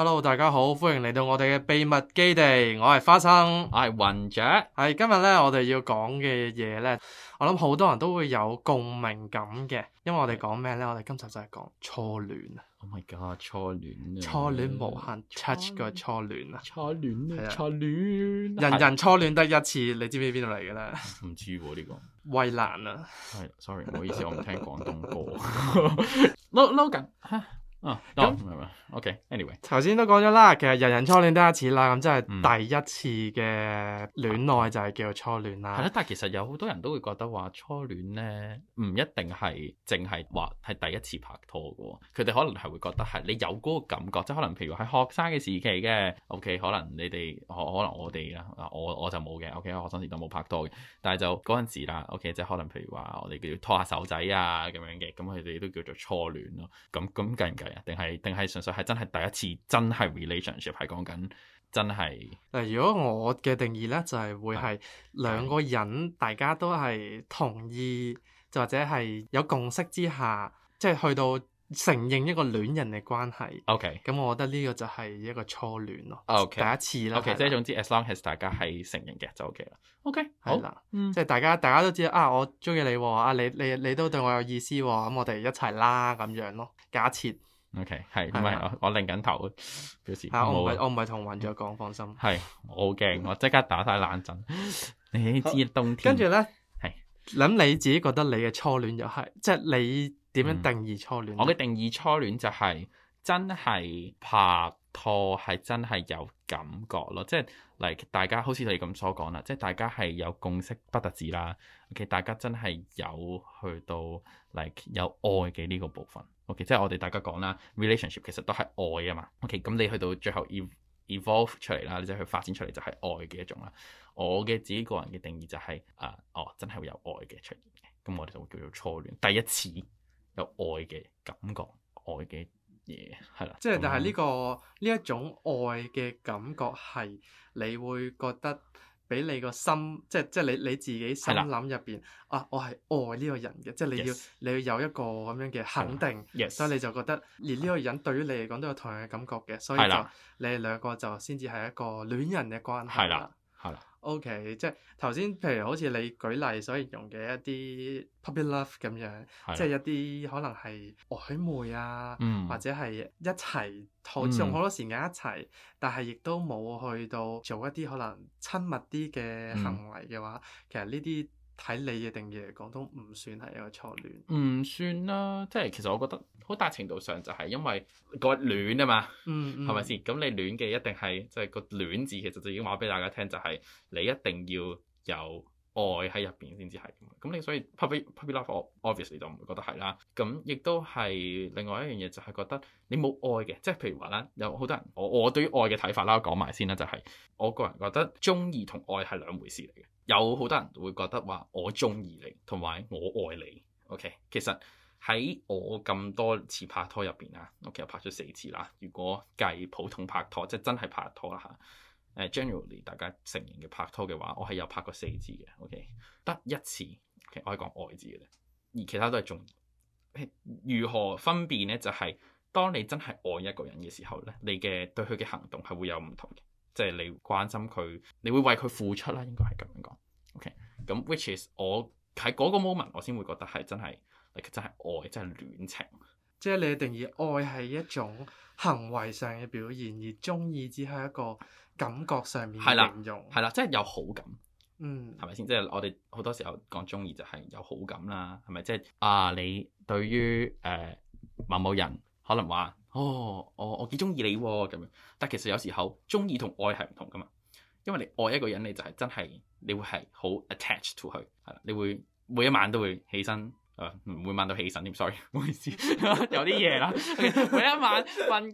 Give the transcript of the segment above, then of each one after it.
Hello，大家好，歡迎嚟到我哋嘅秘密基地，我係花生，我係雲雀。係今日咧，我哋要講嘅嘢咧，我諗好多人都會有共鳴感嘅，因為我哋講咩咧，我哋今集就係講初戀啊！Oh my god，初戀咧，初戀無限 touch 嘅初戀啊！初戀係，初戀，人人初戀得一次，你知唔知邊度嚟嘅咧？唔知喎呢個。衛蘭啊，係，sorry，唔好意思，我唔聽廣東歌。 Logan。啊，咁，OK，Anyway，頭先都講咗啦，其實人人初戀得一次啦，咁即係第一次嘅戀愛就係叫做初戀啦。係啦、嗯，但係其實有好多人都會覺得話初戀咧唔一定係淨係話係第一次拍拖嘅，佢哋可能係會覺得係你有嗰個感覺，即係可能譬如喺學生嘅時期嘅，OK，可能你哋可能我哋啦，我我就冇嘅，OK，學生時都冇拍拖嘅。但係就嗰陣時啦，OK，即係可能譬如話我哋叫做拖下手仔啊咁樣嘅，咁佢哋都叫做初戀咯，咁咁近唔近？定係定係，純粹係真係第一次，真係 relationship 係講緊真係。嗱，如果我嘅定義咧，就係、是、會係兩個人大家都係同意，就或者係有共識之下，即、就、係、是、去到承認一個戀人嘅關係。O K. 咁我覺得呢個就係一個初戀咯，Okay. 第一次 Okay. 啦。O K. 即係總之，as long as 大家係承認嘅就 O K. 啦。O K. 係啦，即係大家大家都知啊，我中意你喎、啊，啊你你你都對我有意思喎、啊，咁我哋一齊啦咁樣咯。假設。O.K. 係唔係我我擰緊頭，表示我唔係 我唔係同雲雀講，放心。係我好驚，我即刻打晒冷震。 你知冬天。跟住咧，係諗是你自己覺得你嘅初戀又係，即、就、係、是、你點樣定義初戀、嗯？我嘅定義初戀就係、是、真係拍拖係真係有感覺咯，即係嚟大家好似你咁所講啦，即係大家係有共識不特止啦，OK，大家真係有去到 like 有愛嘅呢個部分，OK，即係我哋大家講啦，relationship 其實都係愛啊嘛，OK，咁、嗯、你去到最後、e、evolve 出嚟啦，你就去發展出嚟就係愛嘅一種啦。我嘅自己個人嘅定義就係、是、啊，哦，真係會有愛嘅出現，咁我哋就會叫做初戀，第一次有愛嘅感覺，愛嘅嘢係啦，即係、yeah, 但係呢、呢個呢、嗯、一種愛嘅感覺係，你會覺得俾你個心，即係即係你你自己心諗入邊啊，我係愛呢個人嘅，即係了你要了你要有一個咁樣嘅肯定，了所以你就覺得連呢了個人對於你嚟講都有同樣嘅感覺嘅，所以就了你哋兩個就先至係一個戀人嘅關係。係啦了，係啦。O.K. 即係頭先，譬如好似你舉例所用嘅一啲 public love 咁樣，的即係一啲可能係曖昧啊，嗯、或者係一齊好似、嗯、用好多時間一齊，但係亦都冇去到做一啲可能親密啲嘅行為嘅話，嗯、其實呢啲，睇你嘅定義嚟講，都唔算係一個錯戀。唔算啦，即係其實我覺得好大程度上就係因為個戀啊嘛，係咪先？咁你戀嘅一定係即係個戀字，其實就已經話俾大家聽、就是，就係你一定要有愛喺入邊先至係。咁你所以 puppy love 我 obviously 就唔會覺得係啦。咁亦都係另外一樣嘢，就係覺得你冇愛嘅，即係譬如話啦，有好多人我我對於愛嘅睇法啦，講埋先啦、就是，就係我個人覺得中意同愛係兩回事嚟嘅。有好多人會覺得話我中意你同埋我愛你，OK？其實喺我咁多次拍拖入邊啊，OK？拍咗四次啦。如果計普通拍拖，即係真係拍拖啦嚇。誒、啊、generally 大家成年嘅拍拖嘅話，我係有拍過四次嘅，OK？得一次，OK？我係講愛字嘅啫，而其他都係中誒，如何分辨呢？就係、是、當你真係愛一個人嘅時候咧，你嘅對佢嘅行動係會有唔同嘅，即、就、係、是、你關心佢，你會為佢付出啦，應該係咁樣講。咁，which is 我喺嗰個 moment 我先會覺得係真係真係愛，真係戀情。即係你定義愛係一種行為上嘅表現，而中意只係一個感覺上面嘅形容，係啦，即係有好感，嗯，係咪先？即係我哋好多時候講中意就係有好感啦，係咪？即係啊，你對於誒、呃、某某人可能話，哦，哦，我我幾中意你喎、啊、咁樣，但其實有時候中意同愛係唔同㗎嘛，因為你愛一個人你就係真係。你會係好 attach to 佢，你會每一晚都會起身，誒、呃，每晚都起身，點 sorry，唔好意思， 有啲夜啦， okay，每一晚瞓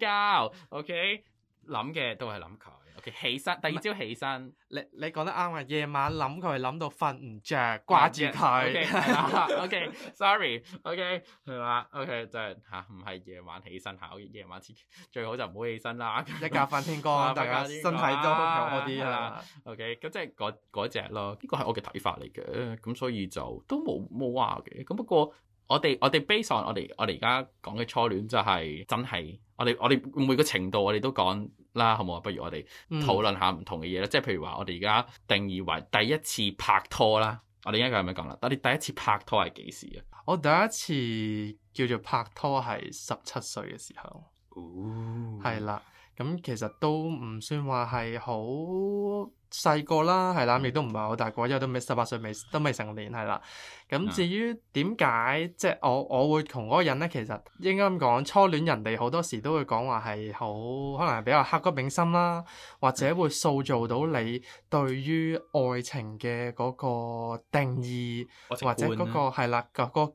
覺，OK。諗嘅都係諗佢，OK。起身第二朝起身，起身嗯、你你講得啱啊！夜晚諗佢諗到瞓唔着，掛住佢。OK，sorry，OK，係啦，OK，就係吓唔係夜晚起身考，夜、啊、晚前最好就唔好起身啦，啊、 一覺瞓天光， 大家身體都好啲 啊。OK，咁即係嗰嗰隻咯，呢、呢個係、呢個、我嘅睇法嚟嘅，咁所以就都冇冇話嘅，咁不過。我哋我哋 base 上我哋我哋而家講嘅初戀就係真係，我哋我哋每個程度我哋都講啦，好唔好啊？不如我哋討論下唔同嘅嘢啦。嗯、即係譬如話我哋而家定義為第一次拍拖啦，我哋應該咁樣講啦，我哋第一次拍拖係幾時啊？我第一次叫做拍拖係十七歲嘅時候，哦，係啦，咁其實都唔算話係好。細個啦，係啦，亦都唔係好大個，因為都未十八歲，未都未成年係啦。咁至於點解即係我我會同嗰個人咧，其實應該咁講，初戀人哋好多時都會講話係好，可能係比較刻骨銘心啦，或者會塑造到你對於愛情嘅嗰個定義，嗯、或者嗰、嗰個係啦個個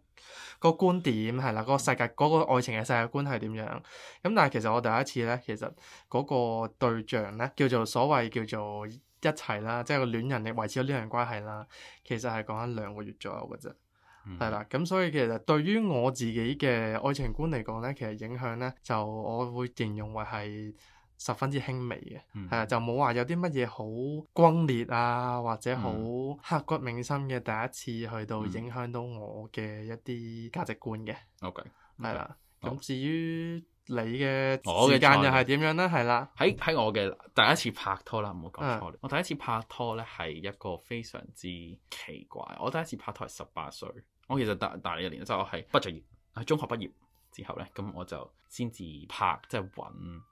個觀點係啦個世界嗰、嗯、個愛情嘅世界觀係點樣？咁但係其實我第一次咧，其實嗰個對象咧叫做所謂叫做，一齊啦，即係個戀人亦維持咗呢樣關係啦。其實係講緊兩個月左右嘅啫，係啦、嗯。咁、嗯、所以其實對於我自己嘅愛情觀嚟講呢，其實影響呢，就我會形容為係十分之輕微嘅，係啊、嗯，就冇話有啲乜嘢好轟烈啊，或者好刻骨銘心嘅第一次去到影響到我嘅一啲價值觀嘅。OK，係 okay .啦。咁至於。嗯你嘅時間又係點樣咧？係啦，喺喺我嘅第一次拍拖啦，唔好講錯、啊我。我第一次拍拖咧係一個非常之奇怪。我第一次拍拖係十八歲，我其實大大你一年，之後，就是、我係畢咗業，係中學畢業之後咧，咁我就先至拍，即係揾。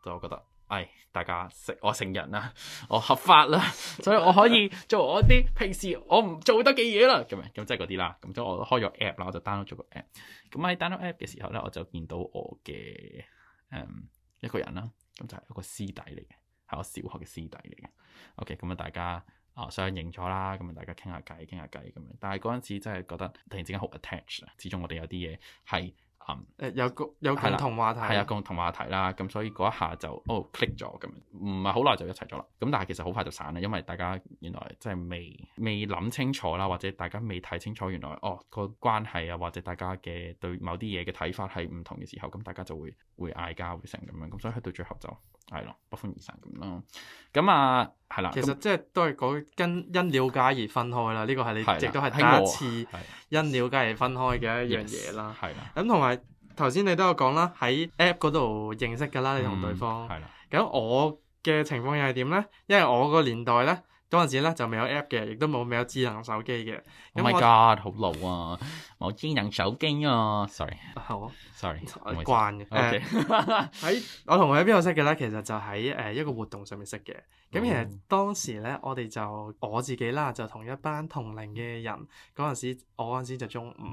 就我覺得，唉，大家成我成人啦，我合法啦， 所以我可以做我啲平時我唔做得嘅嘢啦。咁樣，咁即係嗰啲啦。咁即係我開咗 app 啦，我就 download 咗個 app。咁喺 download app 嘅時候咧，我就見到我嘅。誒、um, 一個人啦，咁就係一個師弟嚟嘅，係我小學嘅師弟嚟嘅。OK，咁啊大家啊相認咗啦，咁啊大家傾下偈，傾下偈咁樣。但係嗰陣時真係覺得突然之間好 attach 啦，始終我哋有啲嘢係。誒、um, 有個有共同話題，係啊共同話題啦，咁所以嗰一下就哦、oh, click 咗咁樣，唔係好耐就一齊咗啦。咁但係其實好快就散啦，因為大家原來即係未未諗清楚啦，或者大家未睇清楚原來哦、oh, 個關係啊，或者大家嘅對某啲嘢嘅睇法係唔同嘅時候，咁大家就會會嗌交會成咁樣，咁所以去到最後就係咯，不歡而散咁咯。咁啊～係啦，其實即係都係講跟因了解而分開啦，呢、這個係你一直都係第一次因了解而分開嘅一樣嘢啦。係啦，咁同埋頭先你都有講啦，喺 App 嗰度認識㗎啦，你同對方。係啦、嗯。咁我嘅情況又係點咧？因為我個年代咧，嗰陣時咧就未有 App 嘅，亦都冇未有智能手機嘅。Oh my god！好老啊～我知能手筋啊！sorry，好，sorry， 控、啊、慣嘅。喺、嗯、我同佢喺邊度識嘅咧、啊？其實就喺誒一個活動上面識嘅。咁其實當時咧，我哋就我自己啦，就同一班同齡嘅人嗰陣時，我嗰陣時就中五。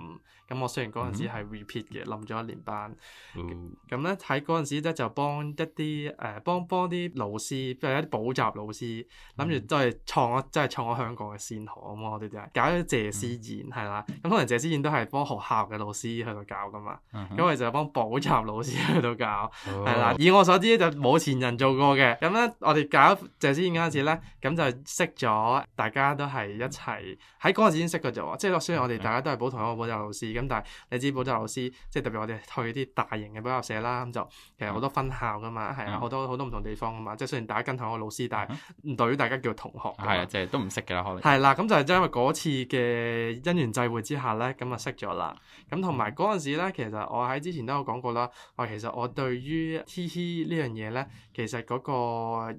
咁我雖然嗰陣時係 repeat 嘅，冧咗、嗯、一年班。咁咧喺嗰陣時咧就幫一啲誒幫幫啲老師，即係一啲補習老師，諗住都係創一即係創咗香港嘅先河啊！我哋就搞咗謝師宴係啦。咁可能謝師宴都～係幫學校嘅老師去度教噶嘛？因為、嗯、哼就係幫補習老師去度教，係啦、哦。以我所知就冇前人做過嘅。咁咧，我哋搞謝師宴嗰次咧，咁就識咗，大家都係一齊喺嗰陣時先識嘅啫。即、就、係、是、雖然我哋大家都係補同一個補習老師，咁但係你知補習老師即係、就是、特別我哋去啲大型嘅補習社啦，咁就其實好多分校噶嘛，係啊，好、嗯、多好、嗯、多唔同地方噶嘛。即係雖然大家跟同一個老師，但係唔代表大家叫同學，係啊、嗯，即係都唔識嘅啦，可能係啦。咁就係因為嗰次嘅因緣際會之下咧，咁啊。識咗啦，咁同埋嗰陣時咧，其實我喺之前都有講過啦。我其實我對於 t i k 呢樣嘢咧，其實嗰個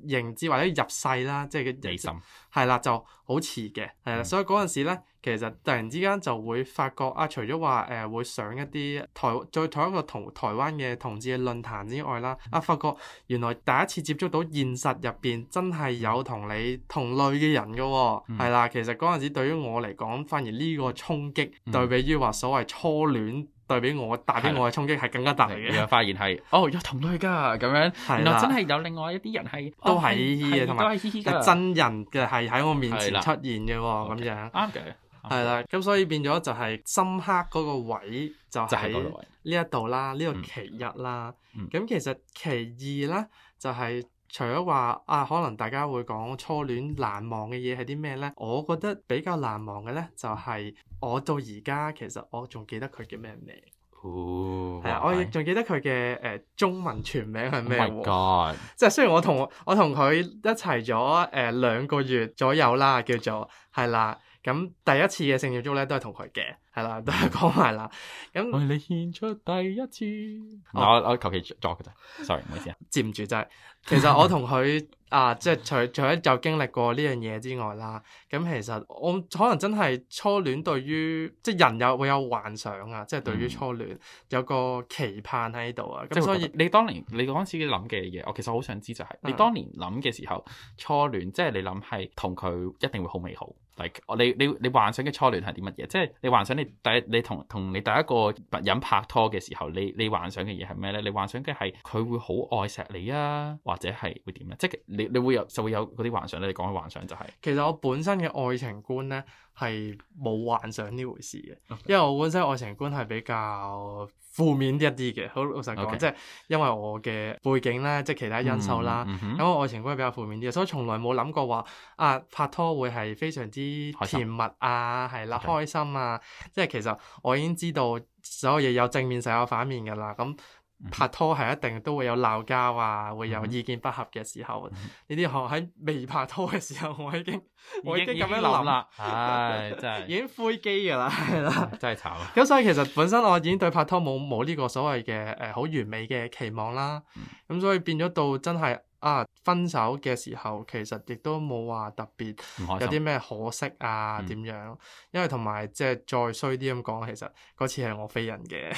認知或者入世啦，即係嘅野心。係啦，就好似嘅，係啦，所以嗰陣時咧，其實突然之間就會發覺啊，除咗話誒會上一啲台，再同一個同台灣嘅同志嘅論壇之外啦，嗯、啊發覺原來第一次接觸到現實入邊真係有同你同類嘅人嘅、哦，係啦、嗯，其實嗰陣時對於我嚟講，反而呢個衝擊、嗯、對比於話所謂初戀。代表我帶俾我嘅衝擊係更加大嘅，現發現係，哦，有同類㗎咁樣，原來的真係有另外一啲人係、哦、都係嘻嘻嘅，同埋，都係嘻嘻嘅真人嘅係喺我面前出現嘅喎，咁的、哦 okay, 樣啱嘅，係啦、okay, okay , okay.，咁所以變咗就係深刻嗰個位就喺呢一度啦，呢、呢個其一啦，咁、嗯、其實其二咧就係、是。除咗話啊，可能大家會講初戀難忘嘅嘢係啲咩呢？我覺得比較難忘嘅呢，就係、是、我到而家其實我仲記得佢叫咩名，係啊、哦，我亦仲記得佢嘅誒中文全名係咩？Oh、my God 即係雖然我同我同佢一齊咗誒、呃、兩個月左右啦，叫做係啦。咁第一次嘅性約束咧，都係同佢嘅，係啦，都係講埋啦。咁，你獻出第一次、哦、我我求其作嘅啫，sorry 唔好意思。接唔住就係， 歉其實我同佢 啊，即係除除咗有經歷過呢樣嘢之外啦，咁其實我可能真係初戀對於即係人有會有幻想啊，嗯、即係對於初戀有個期盼喺度啊。咁、嗯、所以你當年你嗰陣時諗嘅嘢，我其實好想知就係、是嗯、你當年諗嘅時候，初戀即係、就是、你諗係同佢一定會好美好。我、like，你你你幻想嘅初戀係啲乜嘢？即係你幻想你第一你同同你，你第一個人拍拖嘅時候，你你幻想嘅嘢係咩咧？你幻想嘅係佢會好愛錫你啊，或者係會點咧？即係你你會有就會有嗰啲幻想咧。你講嘅幻想就係、是，其實我本身嘅愛情觀咧。係冇幻想呢回事嘅，Okay. 因為我本身愛情觀係比較負面啲一啲嘅，好老實講，Okay. 即係因為我嘅背景咧，即係其他因素啦，咁我、mm hmm. 愛情觀係比較負面啲，所以從來冇諗過話啊拍拖會係非常之甜蜜啊，係心、啊、啦，Okay. 開心啊，即係其實我已經知道所有嘢有正面，就有反面噶啦，咁。拍拖係一定都會有鬧交啊，會有意見不合嘅時候。呢啲我喺未拍拖嘅時候，我已經，已經我已經咁樣諗啦，唉、哎，真係已經灰機噶啦，係啦，真係慘。咁 所以其實本身我已經對拍拖冇冇呢個所謂嘅誒好完美嘅期望啦。咁、嗯、所以變咗到真係。啊！分手嘅時候，其實亦都冇話特別有啲咩可惜啊？點樣？因為同埋即係再衰啲咁講，其實嗰次係我飛人嘅，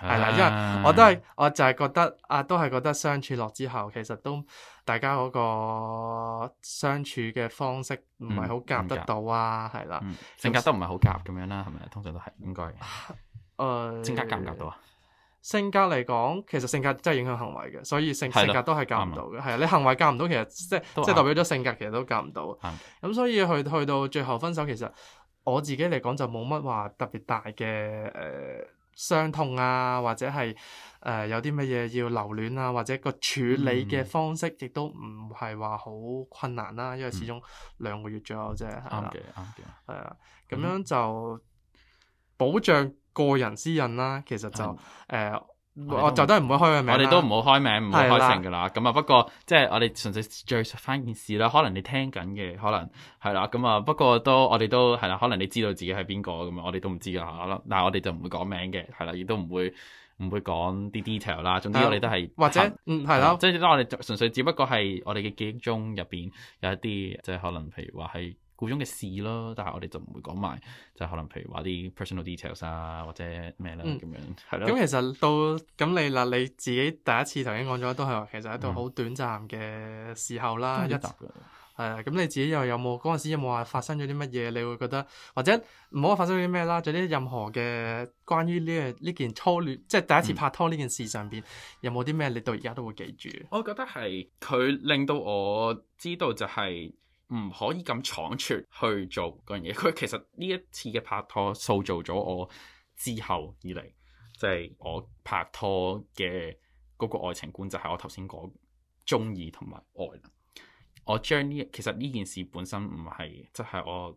係啦，因為我都係，我就係覺得啊，都係覺得相處落之後，其實都大家嗰個相處嘅方式唔係好夾得到啊，係啦，性格都唔係好夾咁樣啦，係咪、嗯？通常都係應該，誒、嗯、性、嗯、格夾唔夾到啊？性格嚟講，其實性格真係影響行為嘅，所以性了性格都係教唔到嘅。係啊了，你行為教唔到，其實即係即係代表咗性格，性格其實都教唔到。咁了所以去去到最後分手，其實我自己嚟講就冇乜話特別大嘅誒傷痛啊，或者係誒、呃、有啲乜嘢要留戀啊，或者個處理嘅方式亦都唔係話好困難啦、啊，嗯、因為始終兩、嗯、個月左右啫。啱係啊，咁了、嗯、樣就保障。個人私隱啦，其實就誒，我就都係唔會開個名。我哋都唔好開名，唔開姓㗎啦。咁啊，不過即係我哋純粹追述翻件事啦。可能你聽緊嘅，可能係啦。咁啊，不過都我哋都係啦。可能你知道自己係邊個咁樣，我哋都唔知㗎啦。但係我哋就唔會講名嘅，係啦，亦都唔會唔會講啲 detail 啦。總之我哋都係或者看嗯係啦，即係我哋純粹只不過係我哋嘅記憶中入邊有一啲，即係可能譬如話係。顧中嘅事咯，但係我哋就唔會講埋，就可能譬如話啲 personal details 啊，或者咩啦咁、嗯、樣，係咯。咁其實到咁你啦，你自己第一次頭先講咗，都係話其實喺度好短暫嘅時候啦，嗯、一係啦，咁你自己又有冇嗰陣時有冇話發生咗啲乜嘢？你會覺得或者唔好話發生咗啲咩啦，仲有啲任何嘅關於呢個呢件初戀，即、就、係、是、第一次拍拖呢件事上邊，嗯、有冇啲咩你到而家都會記住？我覺得係佢令到我知道就係、是，唔可以咁倉促去做嗰樣嘢。佢其實呢一次嘅拍拖塑造咗我之後以嚟，即係我拍拖嘅嗰個愛情觀就係我頭先講中意同埋愛啦。我將呢其實呢件事本身唔係，即係我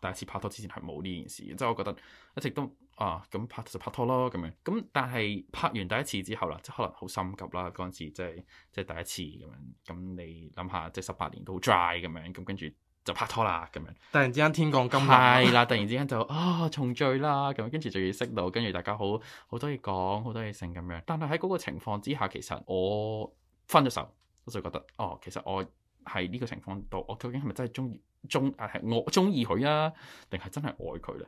第一次拍拖之前係冇呢件事，即係我覺得一直都。啊，咁拍就拍拖咯，咁樣，咁但係拍完第一次之後啦，即係可能好心急啦，嗰陣時即係即係第一次咁樣，咁你諗下即係十八年都好 dry 咁樣，咁跟住就拍拖啦，咁樣突。突然之間天降金。係、哦、啦，突然之間就啊重聚啦，咁跟住就要識到，跟住大家好好多嘢講，好多嘢剩咁樣。但係喺嗰個情況之下，其實我分咗手，我就覺得哦，其實我喺呢個情況度，我究竟係咪真係中意中誒，我中意佢啊，定係真係愛佢咧？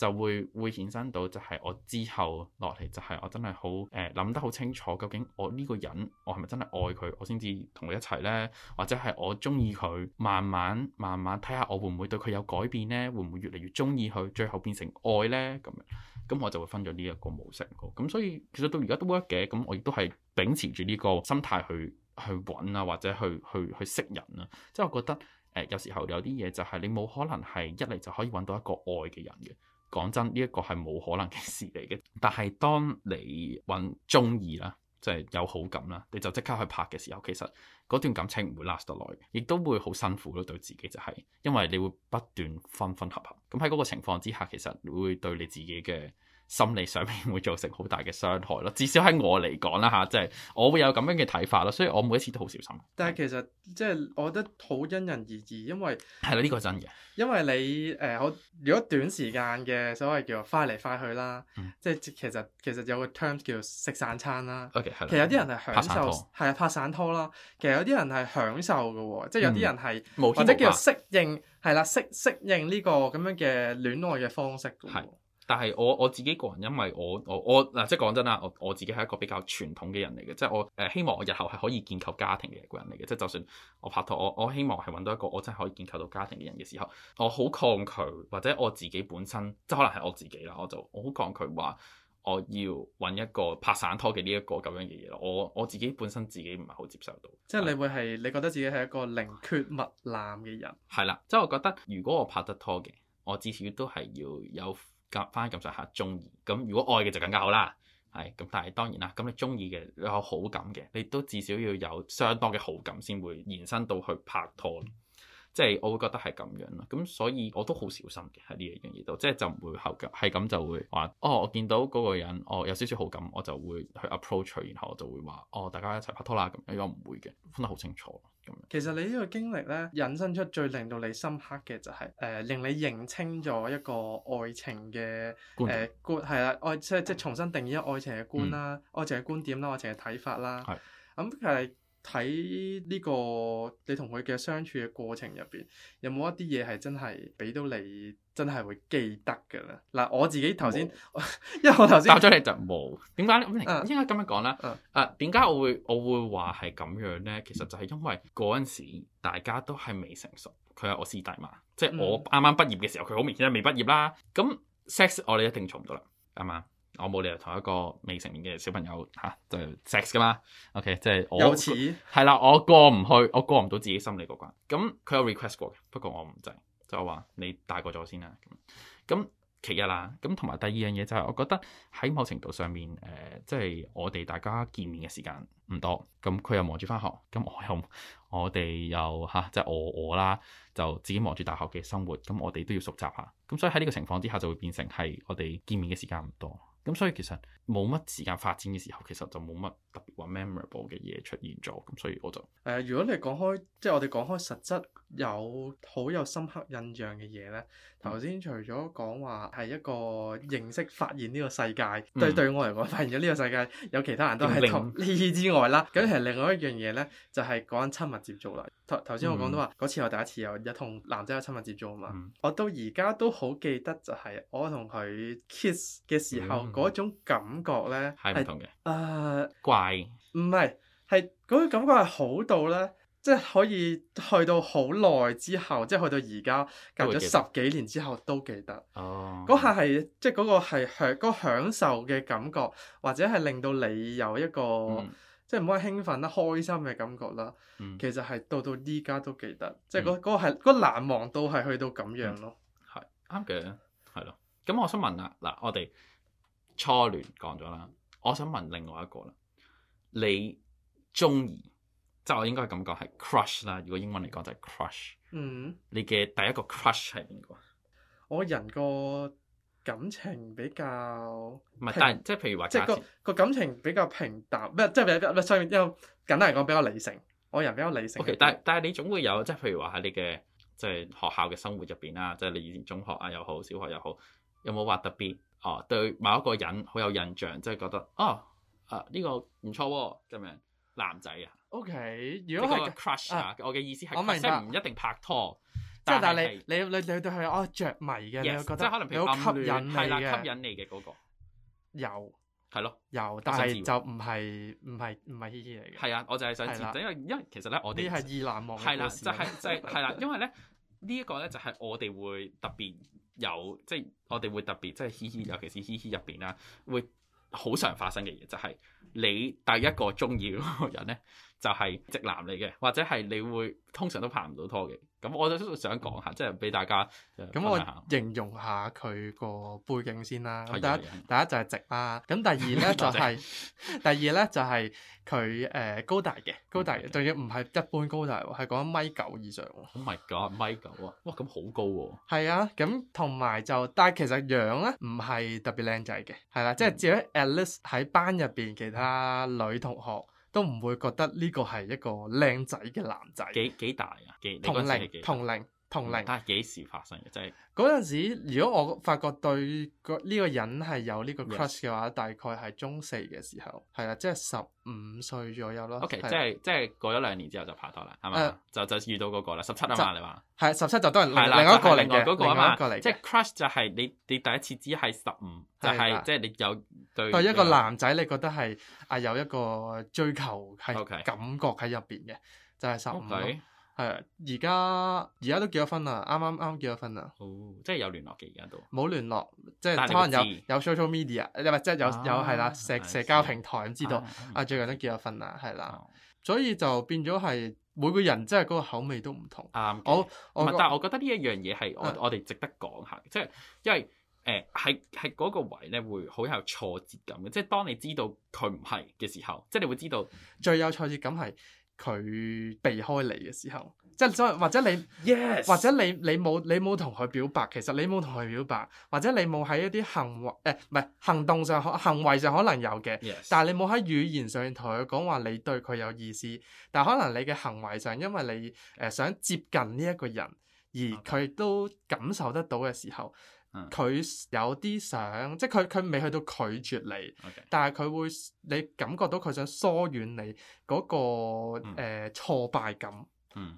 就會會衍生到就係我之後落嚟就係我真係好誒諗得好清楚，究竟我呢個人我係咪真係愛佢，我先至同佢一齊呢，或者係我中意佢，慢慢慢慢睇下我會唔會對佢有改變呢？會唔會越嚟越中意佢，最後變成愛呢？咁樣咁我就會分咗呢一個模式咁，所以其實到而家都 work 嘅。咁我亦都係秉持住呢個心態去去揾啊，或者去去去識人啊。即係我覺得誒、呃，有時候有啲嘢就係你冇可能係一嚟就可以揾到一個愛嘅人嘅。講真，呢一個係冇可能嘅事嚟嘅。但係當你揾中意啦，即係有好感啦，你就即刻去拍嘅時候，其實嗰段感情唔會 last 得耐，亦都會好辛苦咯，對自己就係，因為你會不斷分分合合。咁喺嗰個情況之下，其實會對你自己嘅心理上面會造成好大嘅傷害咯，至少喺我嚟講啦嚇，即、啊、係、就是、我會有咁樣嘅睇法咯，所以我每一次都好小心。但係其實即係、就是、我覺得好因人而異，因為係啦，呢、這個真嘅。因為你誒，我如果短時間嘅所謂叫快嚟快去啦，嗯、即係其實其實有個 term 叫食散餐啦。OK，其實有啲人係享受，係拍散拖啦。其實有啲、okay，人係享受嘅喎，嗯、即係有啲人係或者叫適應，係啦適適，適應呢個咁樣嘅戀愛嘅方式嘅。但係我我自己個人，因為我我我嗱，即係講真啦，我我自己係一個比較傳統嘅人嚟嘅，即係我誒希望我日後係可以建構家庭嘅一個人嚟嘅。即係就算我拍拖，我我希望係揾到一個我真係可以建構到家庭嘅人嘅時候，我好抗拒或者我自己本身即係可能係我自己啦，我就我好抗拒話我要揾一個拍散拖嘅呢一個咁樣嘅嘢咯。我我自己本身自己唔係好接受到，即係你會係你覺得自己係一個寧缺勿濫嘅人係啦、哎。即係我覺得如果我拍得拖嘅，我至少都係要有。夾翻咁上下鍾意，咁如果愛嘅就更加好啦，係咁。但係當然啦，咁你鍾意嘅有好感嘅，你都至少要有相當嘅好感先會延伸到去拍拖。即係我會覺得係咁樣咯，咁所以我都好小心嘅喺呢一樣嘢度，即係就唔會後腳係咁就會話哦，我見到嗰個人，哦，有少少好感，我就會去 approach 佢，然後我就會話哦，大家一齊拍拖啦咁，應該唔會嘅分得好清楚咁樣。其實你呢個經歷咧，引申出最令到你深刻嘅就係、是、誒、呃、令你認清咗一個愛情嘅誒觀係啦、呃，愛即係即係重新定義咗愛情嘅觀啦、嗯，愛情嘅觀點啦，愛情嘅睇法啦。係咁係。睇呢個你同佢嘅相處嘅過程入邊，有冇一啲嘢係真係俾到你真係會記得嘅咧？嗱，我自己頭先，沒因為我頭先答咗你就冇，點解咧？啊、應該咁樣講啦。誒點解我會我會話係咁樣咧？其實就係因為嗰陣時大家都係未成熟，佢係我師弟嘛，即係我啱啱畢業嘅時候，佢好、嗯、明顯係未畢業啦。咁 sex 我哋一定做唔到啦，啱啱。我冇理由同一個未成年嘅小朋友吓就係 sex 噶嘛？O.K. 即係我有錢係啦，我過唔去，我過唔到自己心理嗰關。咁佢有 request 過，不過我唔制，就話你大個咗先啦。咁，咁其一啦，咁同埋第二樣嘢就係，我覺得喺某程度上面，誒、呃，即係我哋大家見面嘅時間唔多。咁佢又忙住翻學，咁我又我哋又吓，即係我我啦，就自己忙住大學嘅生活。咁我哋都要熟習下。咁所以喺呢個情況之下，就會變成係我哋見面嘅時間唔多。咁所以其實冇乜時間發展嘅時候，其實就冇乜特別話 memorable 嘅嘢出現咗。咁所以我就、uh, 如果你講開，即係我哋講開實質。有好有深刻印象嘅嘢呢。頭先、嗯、除咗講話係一個認識發現呢個世界，嗯、對，對對我嚟講發現咗呢個世界有其他人都係同呢之外啦，咁其實另外一樣嘢呢，就係、是、講緊親密接觸啦。頭頭先我講到話嗰、嗯、次我第一次有同男仔有親密接觸啊嘛，嗯、我到而家都好記得就係我同佢 kiss 嘅時候嗰、嗯、種感覺呢，係唔、嗯、同嘅，怪唔係係嗰種感覺係好到呢。即係可以去到好耐之後，即係去到而家隔咗十幾年之後都記得。哦，嗰下係即係嗰個係享、嗰個、享受嘅感覺，或者係令到你有一個、嗯、即係唔可以興奮得開心嘅感覺啦。嗯、其實係到到依家都記得，嗯、即係嗰嗰個係嗰、嗰個難忘到係去到咁樣咯。係啱嘅，係咯。咁我想問啦，嗱，我哋初戀講咗啦，我想問另外一個啦，你中意？即我應該感講係 crush 啦，如果英文嚟講就係 crush。嗯，你嘅第一個 crush 係邊個？我人個感情比較唔係，但係即係譬如話，即係個個感情比較平淡，唔即係比較簡單嚟講比較理性。我人比較理性 okay，但，但係但係你總會有，即係譬如話喺你嘅即係學校嘅生活入邊啦，即係你以前中學啊又好，小學又好，有冇話特別哦？對某一個人好有印象，即、就、係、是、覺得、哦、啊、這個、啊呢個唔錯咁樣。男仔啊，OK，如果係 crush 我嘅意思係即係唔一定拍拖，即係但係你你你你對佢哦着迷嘅，你覺得？即係可能譬如吸引，係啦，吸引你嘅嗰個有係咯有，但係就唔係唔係唔係嘻嘻嚟嘅。係啊，我就係想知，因為因為其實咧，我哋係意難忘嘅，就係即係係啦，因為咧呢一個咧就係我哋會特別有即係我哋會特別即係嘻嘻，尤其是嘻嘻入邊啦會。好常發生嘅嘢就係、是、你第一個中意嗰個人呢。就係直男嚟嘅，或者係你會通常都拍唔到拖嘅。咁我就想講下，嗯、即係俾大家咁我形容下佢個背景先啦。咁的、嗯、第一第一就係直啦，咁第二咧就係、係、 第二咧就係佢誒高大嘅，高大，仲要唔係一般高大喎，係講一米九以上喎。好米九啊，米九啊，哇咁好高喎！係啊，咁同埋就，但係其實樣咧唔係特別靚仔嘅，係啦，即係至少 at least 喺班入邊其他女同學。都唔會覺得呢個係一個靚仔嘅男仔。幾幾大啊？幾幾大同齡，同齡。同齡，但係幾時發生嘅？就係嗰陣時，如果我發覺對個呢個人係有呢個 crush 嘅話，大概係中四嘅時候。係啦，即係十五歲左右咯。OK，即係即係過咗兩年之後就拍拖啦，係咪？就就遇到嗰個啦，十七啊嘛，你話？係十七就都係另外一個另外嗰個啊嘛。即係 crush 就係你你第一次只係十五，就係即係你有對。對一個男仔，你覺得係啊有一個追求係感覺喺入邊嘅，就係十五歲。係，而家而家都結咗婚啦，啱啱啱結咗婚啦。哦，即係有聯絡嘅？而家都冇聯絡，即係可能有有 social media，唔係，即係有有係啦，社社交平台知道啊，最近都結咗婚啦，係啦。所以就變咗係每個人即係嗰個口味都唔同。啱嘅，唔係，但係我覺得呢一樣嘢係我我哋值得講下嘅，即係因為誒係係嗰個位咧會好有挫折感嘅，即係當你知道佢唔係嘅時候，即係你會知道最有挫折感係。佢避開你嘅時候，即係，或者你，Yes. 或者你，你冇，你冇同佢表白。其實你冇同佢表白，或者你冇喺一啲行為，誒、呃，唔係行動上，行為上可能有嘅，Yes. 但係你冇喺語言上同佢講話，你對佢有意思。但係可能你嘅行為上，因為你誒想接近呢一個人。而佢都感受得到嘅時候，佢 Okay. 有啲想，即係佢佢未去到拒絕你，Okay. 但係佢會你感覺到佢想疏遠你嗰、嗰個誒、嗯呃、挫敗感，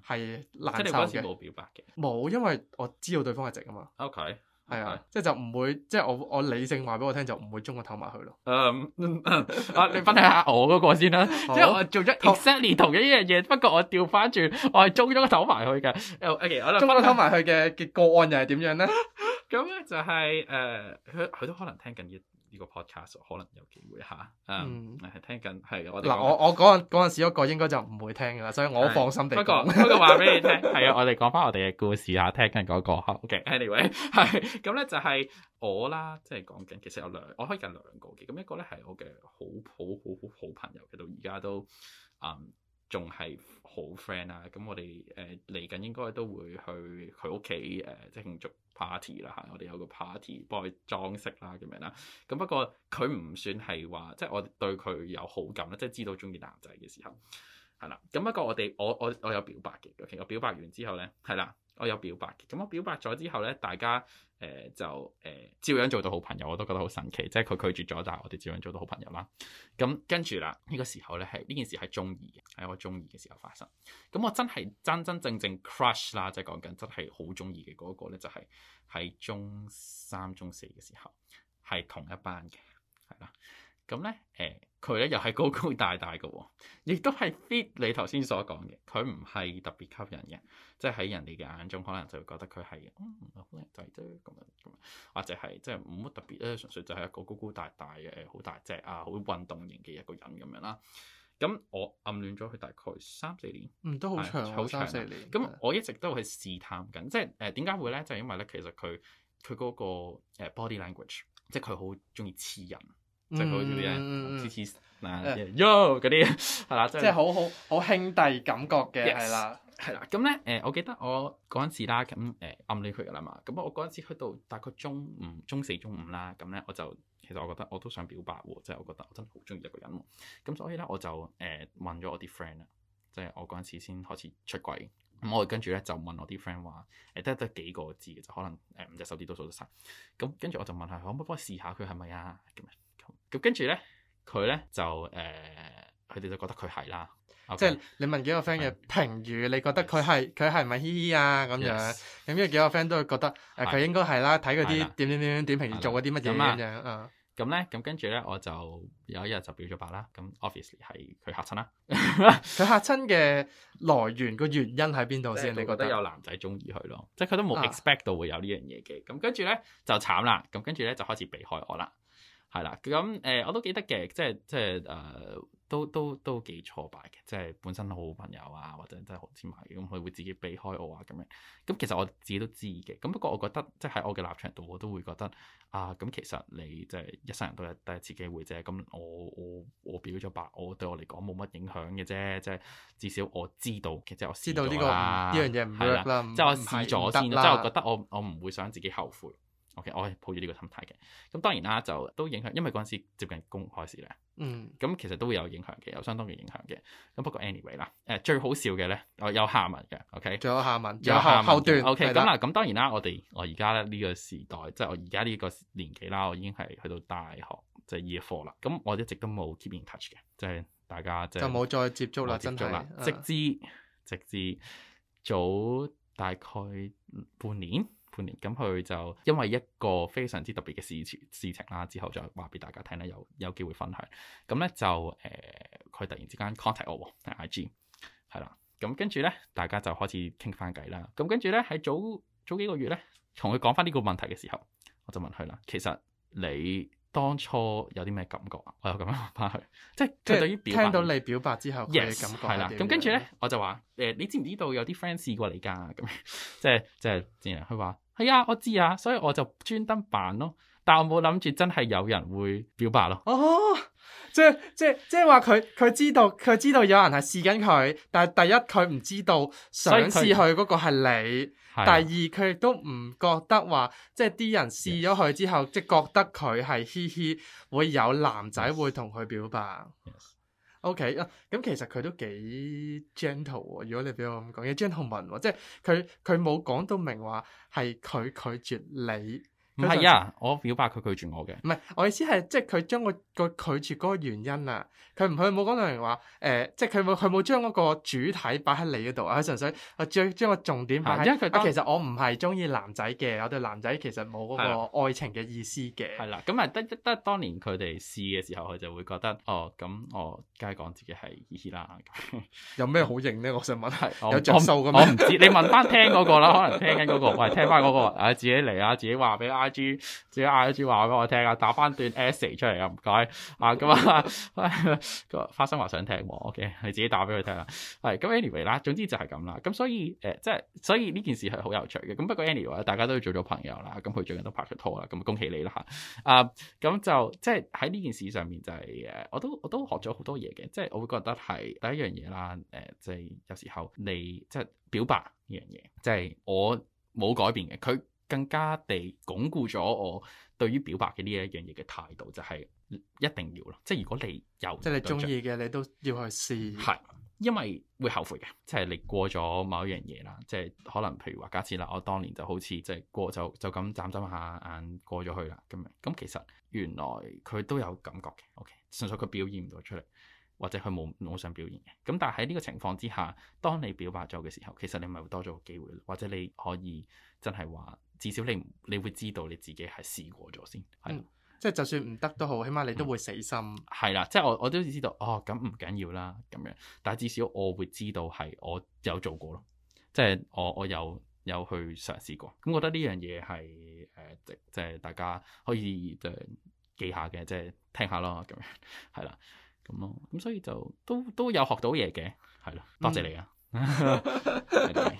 係難、嗯、受嘅。你哋嗰時冇表白嘅？冇，因為我知道對方係直啊嘛。Okay. 係啊，嗯、即係就唔會，即係我我理性話俾我聽就唔會中個頭埋去咯。誒，啊，你分析下我嗰個先啦，即係好我做咗 exactly 同一樣嘢，不過我調翻轉，我係中咗個頭埋去嘅。誒，ok，我嚟，中咗個頭埋去嘅嘅個案又係點樣咧？咁咧、 嗯、就係、是、誒，佢、呃、佢都可能聽緊呢個 podcast 可能有機會嚇，嗯，係、嗯、聽緊，係嘅。我嗱我我嗰陣嗰陣時嗰個應該就唔會聽㗎啦，所以我放心地。不過不過話俾你聽，係啊 ，我哋講返我哋嘅故事嚇，聽緊嗰、那個。OK，anyway，okay。係咁咧就係我啦，即係講緊，其實有兩，我可以講兩個嘅。咁一個咧係我嘅好好好好好朋友，到而家都嗯。仲係好 friend 啊。咁我哋誒嚟緊應該都會去佢屋企誒即慶祝 party 啦嚇，我哋有個 party 幫佢裝飾啦咁樣啦，咁不過佢唔算係話即我對佢有好感啦，即知道中意男仔嘅時候，係啦，咁不過我哋我我我有表白嘅，okay，其實我表白完之後咧係啦。我有表白嘅，咁我表白咗之後呢，大家誒、呃、就誒、呃、照樣做到好朋友，我都覺得好神奇，即係佢拒絕咗，但係我哋照樣做到好朋友啦。咁跟住啦，呢、這個時候呢，係呢件事係中二嘅，係我中二嘅時候發生。咁我真係真真正正 crush 啦，即係講緊真係好中意嘅嗰個咧，就係、是、喺中三中四嘅時候，係同一班嘅，係啦。咁呢。誒、呃。佢咧又係高高大大嘅、哦，亦都係 fit 你頭先所講嘅。佢唔係特別吸引嘅，即係喺人哋嘅眼中可能就會覺得佢係，嗯，好靚仔啫咁樣咁樣，或者係、就係、即係冇乜特別咧，純粹就係一個高高大大嘅好大隻啊，好運動型嘅一個人咁樣啦。咁我暗戀咗佢大概三四年，嗯，都好長，好、哦、三四年。咁我一直都係試探緊，即係誒點解會咧？就係、因為咧，其實佢佢嗰個 body language，即係佢好中意黐人。即係好似啲支持嗱嗰啲係啦，即係好好好兄弟感覺嘅係啦，係啦。咁咧誒，我記得我嗰陣時啦，咁誒暗戀佢噶啦嘛。咁我嗰陣時去到大概中五、中四、中五啦。咁咧，我就其實我覺得我都想表白喎，即係我覺得我真係好中意一個人喎。咁所以咧，我就誒問咗我啲 friend 啦，即係我嗰陣時先開始出軌咁，我跟住咧就問我啲 friend 話誒，得得幾個字嘅就可能誒五隻手指都數得曬。咁跟住我就問下，可唔可以幫我試下佢係咪啊？咁樣。咁跟住咧，佢咧就誒，佢哋都覺得佢係啦，即係你問幾個 friend 嘅評語，你覺得佢係佢係唔係嘻嘻啊咁樣？咁因為幾個 friend 都會覺得誒佢應該係啦，睇佢啲點點點點評做嗰啲乜嘢咁樣啊。咁咧，咁跟住咧我就有一日就表咗白啦。咁 obviously 係佢嚇親啦，佢嚇親嘅來源個原因喺邊度先？你覺得有男仔中意佢咯？即係佢都冇 expect 到會有呢樣嘢嘅。咁跟住咧就慘啦。咁跟住咧就開始避開我啦。係啦，咁誒、呃、我都記得嘅，即係即係誒、呃、都都都幾挫敗嘅，即係本身好好朋友啊，或者真係好之埋，咁佢會自己避開我啊咁樣。咁其實我自己都知嘅，咁不過我覺得即係喺我嘅立場度，我都會覺得啊，咁其實你即係一生人都係第一次機會啫，即係咁，我我我表咗白，我對我嚟講冇乜影響嘅啫，即係至少我知道其實我試咗知道呢、呢個呢樣嘢唔係啦，即係我試咗先，即係我覺得我我唔會想自己後悔。OK，我係抱住呢個心態嘅。咁當然啦，就都影響，因為嗰陣時接近公開試咧。嗯。咁其實都會有影響嘅，有相當嘅影響嘅。咁不過 anyway 啦，誒，最好笑嘅咧，我有下文嘅。OK。仲有下文，有後後段。OK，咁啊的，咁當然啦，我哋我而家咧呢個時代，即係我而家呢個年紀啦，我已經係去到大學，即係 year four 啦。咁我一直都冇 keep in touch 嘅，即係大家即就冇再接觸啦，真係的，uh、直至直至早大概半年。咁佢就因為一個非常之特別嘅事事事情啦，之後就話俾大家聽啦，有有機會分享。咁咧就誒，佢、呃、突然之間 contact 我喎，喺 IG 係啦。咁跟住咧，大家就開始傾翻偈啦。咁跟住咧，喺早早幾個月咧，同佢講翻呢個問題嘅時候，我就問佢啦：其實你當初有啲咩感覺啊？我又咁樣問翻佢，即係即係聽到你表白之後嘅 Yes, 感覺係啦。咁跟住咧，我就話誒，你知唔知道有啲 friend 試過嚟㗎？咁 即係即係，佢話。 係啊，我知啊，所以我就專登扮咯，但我冇諗住真係有人會表白咯。哦，即係即係即係話佢，佢知道佢知道有人係試緊佢，但係第一佢唔知道想試佢嗰個係你，第二佢亦都唔覺得話即係啲人試咗佢之後，Yes. 即係覺得佢係嘻嘻會有男仔會同佢表白。Yes. OK 啊，嗯，咁其實佢都幾 gentle，哦，如果你俾我咁講，有 gentleman 喎，哦，即係佢佢冇講到明話係佢拒絕你。唔係啊，我表白佢拒絕我嘅。唔係，我意思係即係佢將個個拒絕嗰個原因啊，佢唔佢冇講到人話誒，即係佢佢冇將嗰個主體擺喺你嗰度啊，佢純粹啊，將將個重點擺喺。因為佢其實我唔係中意男仔嘅，我對男仔其實冇嗰個愛情嘅意思嘅。係啦、啊，咁啊得得當年佢哋試嘅時候，佢就會覺得哦，咁我梗係講自己係啦。 有咩好認咧？我想問係有着數咁，我唔知你問翻聽嗰、那個啦，可能聽緊嗰、那個喂，聽翻、那、嗰個啊自己嚟啊，自己話俾 I.G. 自己 I.G. 話俾我聽啊，打返段 essay 出嚟啊，唔該啊，咁啊，個花生話想聽喎，OK 你自己打俾佢聽啦。係咁，Anyway 啦，Any way，總之就係咁啦。咁所以誒，即、呃、係所以呢件事係好有趣嘅。咁不過 Anyway，大家都做咗朋友啦。咁佢最近都拍咗拖啦，咁恭喜你啦吓。啊，咁就即係喺呢件事上面就係、是、誒，我都我都學咗好多嘢嘅。即係我會覺得係第一樣嘢啦。誒、呃，即、就、係、是、有時候你即係、就是、表白呢樣嘢，即、就、係、是、我冇改變嘅，佢。更加地鞏固咗我對於表白嘅呢一樣嘢嘅態度，就係一定要咯。即係如果你有，即係你中意嘅，你都要去試。係，因為會後悔嘅，即係你過咗某一樣嘢啦。即係可能譬如話，假設啦，我當年就好似即係過就就咁眨眨下眼過咗去啦咁樣。咁其實原來佢都有感覺嘅。O K，純粹佢表現唔到出嚟，或者佢冇冇想表現嘅。咁但係喺呢個情況之下，當你表白咗嘅時候，其實你咪多咗個機會，或者你可以真係話。至少你你會知道你自己係試過咗先，係、嗯、即係就算唔得都好，起碼你都會死心。係啦、嗯，即係我我都知道，哦咁唔緊要啦咁樣。但係至少我會知道係我有做過咯，即係我我有有去嘗試過咁，我覺得呢樣嘢係誒即即係大家可以誒、呃、記下嘅，即係聽下咯咁樣係啦咁咯。咁所以就都都，都有學到嘢嘅，係咯，多、嗯、謝，謝你啊！ 的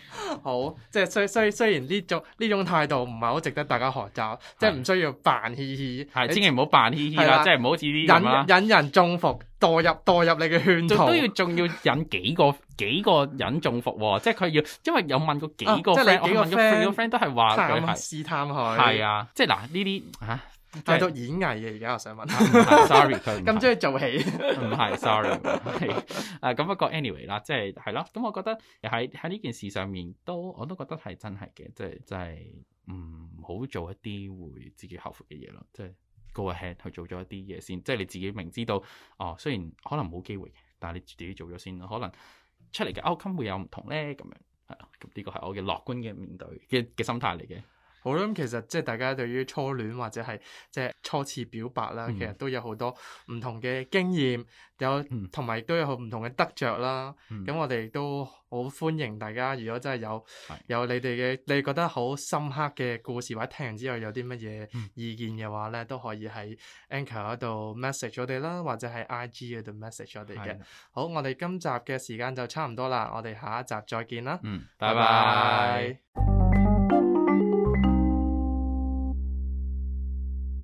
好，即係雖雖雖然呢種呢種態度唔係好值得大家學習，啊、即係唔需要扮嘻嘻。係、啊、你千祈唔好扮嘻嘻啦，即係唔好似啲引引人中伏，墮入墮入你嘅圈套，都要仲要引幾個幾個人中伏、啊。即係佢要，因為有問過幾個 friend，幾個 friend 都係話佢係試探佢。係啊，即係嗱呢啲吓。係做、就是、演藝嘅，而家我想問、啊，sorry 佢咁中意做戲，唔係 sorry，啊咁、 uh, 不過 anyway 啦、就是，即係係咯，咁我覺得喺喺呢件事上面都，我都覺得係真係嘅，即係即係唔好做一啲會自己後悔嘅嘢咯，即係高個 hand 去做咗一啲嘢先，即、就、係、是、你自己明知道哦，雖然可能冇機會，但係你自己做咗先咯，可能出嚟嘅 outcome 會有唔同咧，咁樣係啦，咁呢個係我嘅樂觀嘅面對嘅嘅心態嚟嘅。好啦，咁其實即係大家對於初戀或者係即係初次表白啦，嗯、其實都有好多唔同嘅經驗，有，、嗯、有同埋都有好唔同嘅得着啦。咁、嗯、我哋都好歡迎大家，如果真係有有你哋嘅你覺得好深刻嘅故事或者聽完之後有啲乜嘢意見嘅話咧，都可以喺 Anchor 嗰度 message 我哋啦，或者喺 IG 嗰度 message 我哋嘅。嗯、好，我哋今集嘅時間就差唔多啦，我哋下一集再見啦，嗯、bye bye 拜拜。